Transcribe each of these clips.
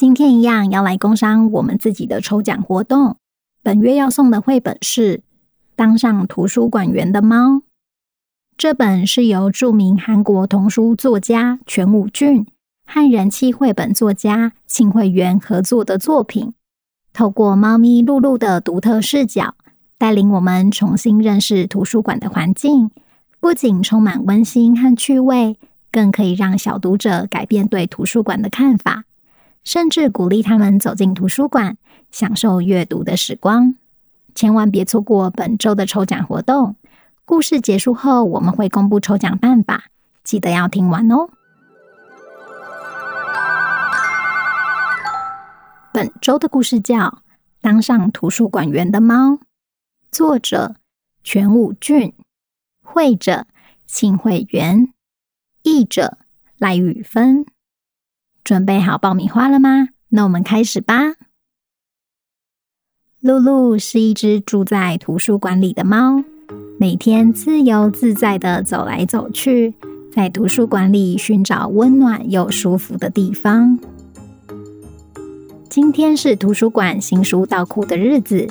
今天一樣要來工商我們自己的抽獎活動。本月要送的繪本是《當上圖書館員的貓》。這本是由著名韓國童書作家權五俊和人氣繪本作家慶惠媛合作的作品。透過貓咪露露的獨特視角，帶領我們重新認識圖書館的環境，不僅充滿溫馨和趣味，更可以讓小讀者改變對圖書館的看法。甚至鼓勵他們走進圖書館，享受閱讀的時光。千萬別錯過本週的抽獎活動！故事結束後，我們會公布抽獎辦法，記得要聽完哦。本週的故事叫《當上圖書館員的貓》，作者權五俊，繪者慶惠媛，譯者賴毓棻。準備好爆米花了嗎？那我們開始吧。露露是一隻住在圖書館裡的貓，每天自由自在地走來走去，在圖書館裡尋找溫暖又舒服的地方。今天是圖書館新書到庫的日子，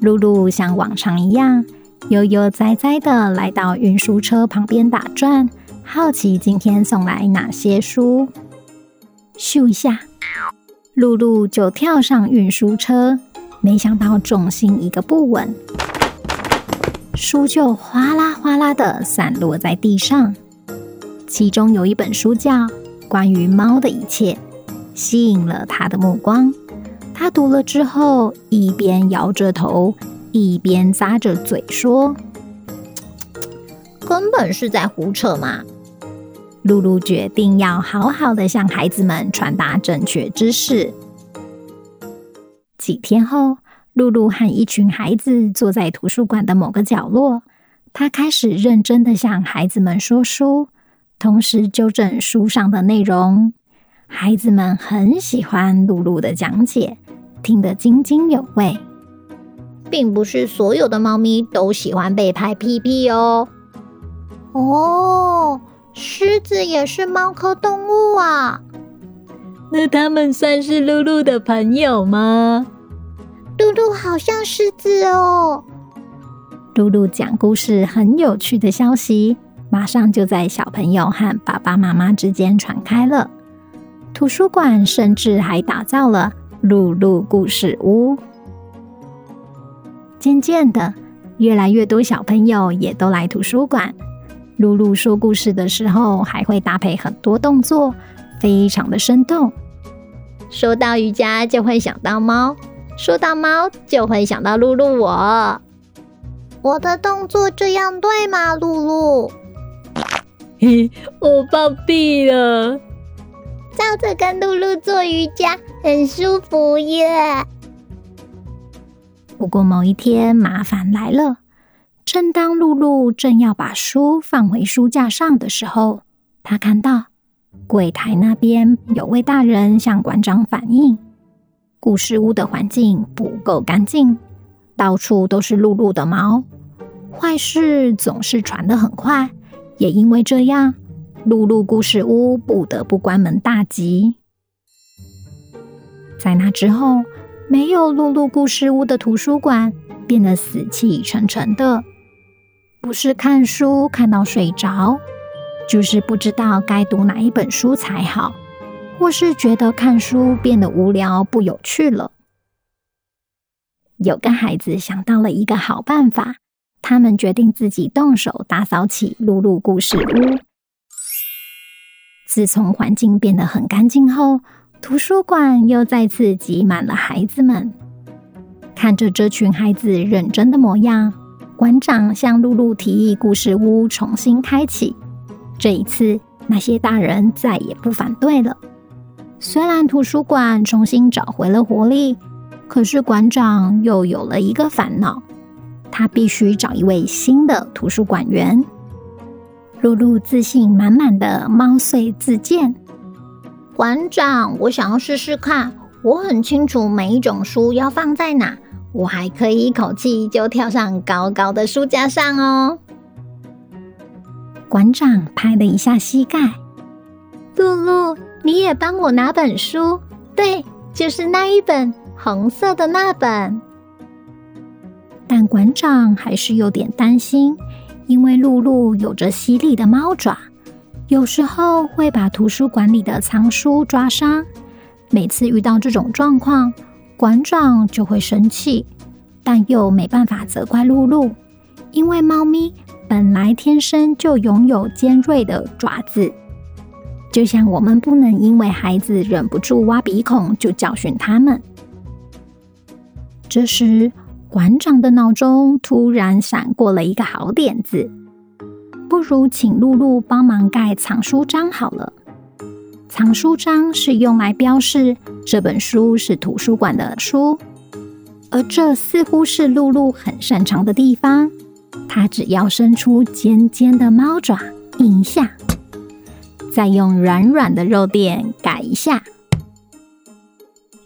露露像往常一樣，悠悠哉哉地來到運輸車旁邊打轉，好奇今天送來哪些書。咻一下，露露就跳上運輸車，沒想到重心一個不穩，書就嘩啦嘩啦地散落在地上。其中有一本書叫《關於貓的一切》，吸引了他的目光。他讀了之後，一邊搖着頭，一邊咂着嘴說：“根本是在胡扯嘛！”露露決定要好好的向孩子們傳達正確知識。幾天後，露露和一群孩子坐在圖書館的某個角落，她開始認真的向孩子們說書，同時糾正書上的內容。孩子們很喜歡露露的講解，聽得津津有味。並不是所有的貓咪都喜歡被拍屁屁哦。哦。獅子也是貓科動物啊，那他們算是露露的朋友嗎？露露好像獅子哦。露露講故事很有趣的消息，馬上就在小朋友和爸爸媽媽之間傳開了。圖書館甚至還打造了“露露故事屋”。漸漸的，越來越多小朋友也都來圖書館。露露說故事的時候，還會搭配很多動作，非常的生動。說到瑜伽，就會想到貓；說到貓，就會想到露露我。我的動作這樣對嗎，露露？嘿， 我暴斃了！照着跟露露做瑜伽，很舒服耶。不過某一天，麻煩來了。正當露露正要把書放回書架上的時候，她看到櫃檯那邊有位大人向館長反映，故事屋的環境不夠乾淨，到處都是露露的毛。壞事總是傳得很快，也因為這樣，露露故事屋不得不關門大吉。在那之後，沒有露露故事屋的圖書館變得死氣沉沉的。不是看書看到睡着，就是不知道該讀哪一本書才好，或是覺得看書變得無聊不有趣了。有個孩子想到了一個好辦法，他們決定自己動手打掃起“露露故事屋”。自從環境變得很乾淨後，圖書館又再次擠滿了孩子們，看着這群孩子認真的模樣，館長向露露提議故事屋重新開啟，這一次那些大人再也不反對了。雖然圖書館重新找回了活力，可是館長又有了一個煩惱，他必須找一位新的圖書館員。露露自信滿滿的毛遂自薦：“館長，我想要試試看，我很清楚每一種書要放在哪。”我還可以一口氣就跳上高高的書架上哦。館長拍了一下膝蓋，露露，你也幫我拿本書，對，就是那一本紅色的那本。但館長還是有點擔心，因為露露有着犀利的貓爪，有時候會把圖書館裡的藏書抓傷。每次遇到這種狀況。館長就會生氣，但又沒辦法責怪露露，因為貓咪本來天生就擁有尖銳的爪子，就像我們不能因為孩子忍不住挖鼻孔就教訓他們。這時，館長的腦中突然閃過了一個好點子，不如請露露幫忙蓋藏書章好了。藏書章是用來標示。這本書是圖書館的書，而這似乎是露露很擅長的地方。她只要伸出尖尖的貓爪印一下，再用軟軟的肉墊蓋一下。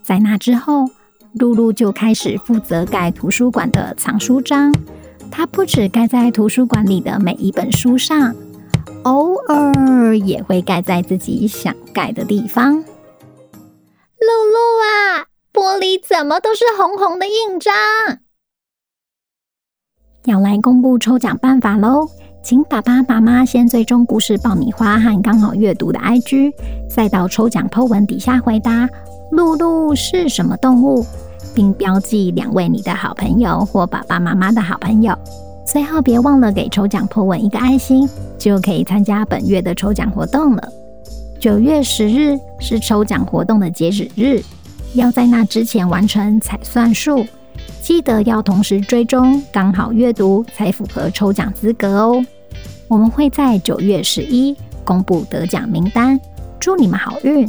在那之後，露露就開始負責蓋圖書館的藏書章。她不止蓋在圖書館裡的每一本書上，偶爾也會蓋在自己想蓋的地方。怎麼都是紅紅的印章？要來公布抽獎辦法嘍！請爸爸、媽媽先追蹤故事爆米花和剛好閱讀的 IG，再到抽獎 PO 文底下回答“露露是什麼動物”，並標記兩位你的好朋友或爸爸媽媽的好朋友。最後別忘了給抽獎 PO 文一個愛心，就可以參加本月的抽獎活動了。九月十日是抽獎活動的截止日。要在那之前完成才算數，記得要同時追蹤剛好閱讀，才符合抽獎資格哦。我們會在九月十一公布得獎名單，祝你們好運。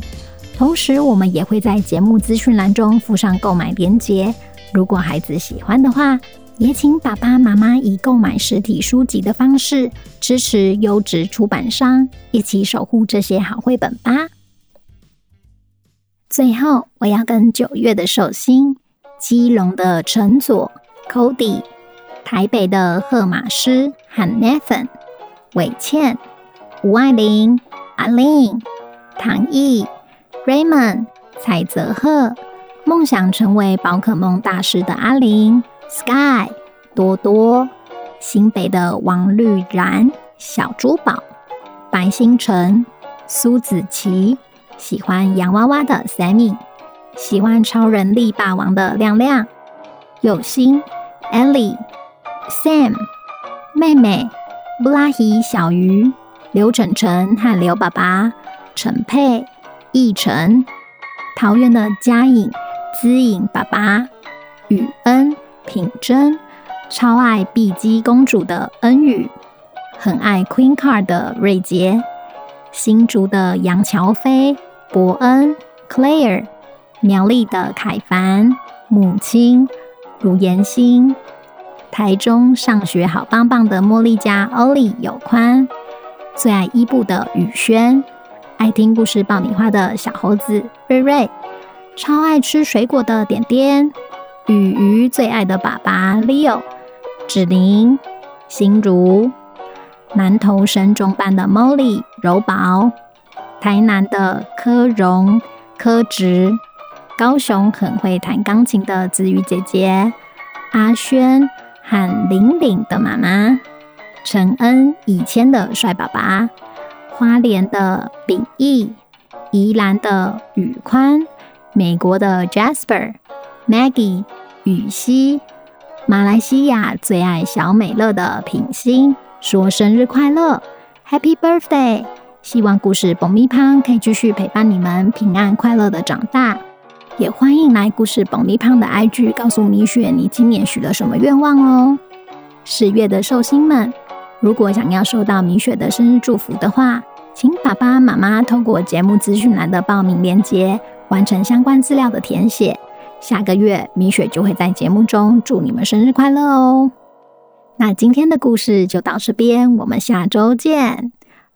同時，我們也會在節目資訊欄中附上購買鏈接。如果孩子喜歡的話，也請爸爸媽媽以購買實體書籍的方式支持優質出版商，一起守護這些好繪本吧。最後，我要跟九月的壽星、基隆的陳佐、Cody、台北的賀馬斯、Han Nathan、偉倩、吳愛玲、阿玲、唐毅、Raymond、蔡澤赫，赫、夢想成為寶可夢大師的阿玲、Sky、多多、新北的王綠然、小珠寶、白星辰、蘇子琪。喜歡洋娃娃的 Sammy，喜歡超人力霸王的亮亮，有心，Ellie，Sam，妹妹，布拉希，小魚，劉晨晨和劉爸爸，陳佩，奕晨，桃園的佳穎，姿穎爸爸，宇恩，品珍，超愛碧姬公主的恩宇，很愛 Queen Card 的瑞杰，新竹的楊喬飛。伯恩、Claire、苗栗的凱凡，母親如延興，台中上學好棒棒的茉莉家，歐力有寬，最愛伊布的宇軒，愛聽故事爆米花的小猴子瑞瑞，超愛吃水果的點點，雨魚最愛的爸爸 Leo、芷玲、心如，南投神中班的茉莉柔寶。台南的柯榮、柯植，高雄很會彈鋼琴的子瑜姐姐，阿軒和玲玲的媽媽，承恩以前的帥爸爸，花蓮的秉義，宜蘭的宇寬，美國的 Jasper、Maggie、宇熙，馬來西亞最愛小美樂的品心，說生日快樂，Happy Birthday！希望故事爆米花可以繼續陪伴你們平安快樂的長大，也歡迎來故事爆米花的 IG，告訴米雪你今年許了什麼願望哦。十月的壽星們，如果想要收到米雪的生日祝福的話，請爸爸媽媽透過節目資訊欄的報名鏈接，完成相關資料的填寫。下個月米雪就會在節目中祝你們生日快樂哦。那今天的故事就到這邊，我們下週見。